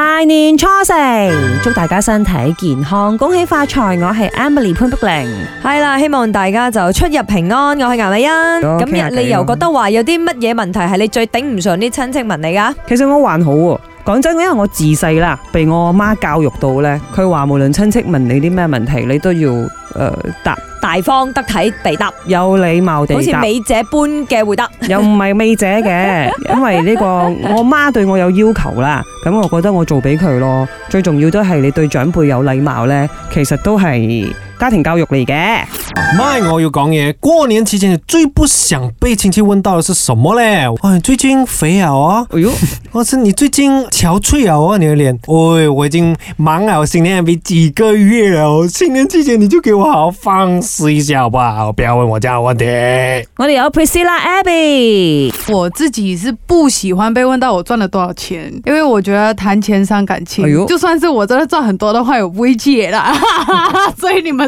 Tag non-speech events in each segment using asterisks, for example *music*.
大年初四，祝大家身體健康，恭喜發財。我係 Emily 潘碧玲，係啦，希望大家就出入平安。我係顏麗欣，今日你又覺得話有啲乜嘢問題係你最頂唔順啲親戚問你噶？其實我還好喎。講真，因為我自細啦，被我媽教育到咧，佢話無論親戚問你啲咩問題，你都要誒、呃、答大方得體地答，有禮貌地答，好似美姐般嘅回答，又唔係美姐嘅， *laughs* 因為呢、這個我媽對我有要求啦，咁我覺得我做俾佢咯。最重要都係你對長輩有禮貌咧，其實都係。家庭教育嚟嘅，喂，我要講嘢，過年期間你最不想被親戚問到的是什麼咧？哎、啊、你最近肥，哦哎、啊，哎喲，我是你最近憔悴啊、哦，我睇你嘅臉，我、哎、我已經忙了我新年比幾個月了、哦、新年期間你就給我好好放肆一下，好不好？不要問我這樣的問題。我哋有 Priscilla Abby，我自己是不喜歡被問到我賺了多少錢，因為我覺得談錢傷感情、哎，就算是我真的賺很多的話，我唔會借啦， *laughs* 所以你們。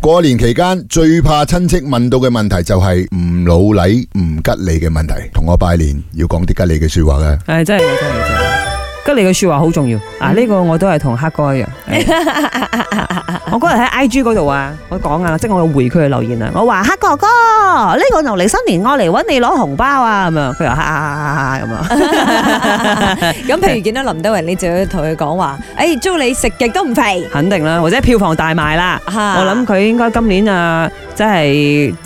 過年期間最怕親戚問到嘅問題就係唔老禮唔吉利嘅問題，同我拜年要講啲吉利嘅說話嘅。真係。真的吉利嘅說話好重要，嗯、啊！呢、這個我都係同黑哥一樣。的 *laughs* 我嗰日喺 I G 嗰度啊，我講啊，即係我回佢嘅留言啊，我話黑哥哥，呢、這個農曆新年我嚟揾你攞紅包啊，咁 *laughs* 啊就說，佢又哈哈哈哈咁啊。咁譬如見到林德榮， *laughs* *laughs* 你就會同佢講話，誒、哎，祝你食極都唔肥，肯定啦，或者票房大賣啦。 *laughs* 我諗佢應該今年啊。呃即係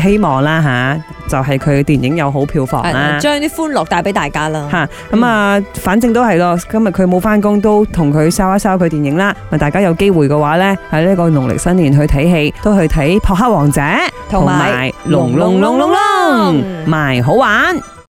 至希望啦吓，就係佢電影有好票房啦，將啲歡樂帶俾大家啦吓。咁啊，反正都係咯，今日佢冇翻工，都同佢收一收佢電影啦。咪大家有機會嘅話呢，喺呢個農曆新年去睇戲都去睇《撲克王者》，同埋《龍龍龍龍龍》埋好玩。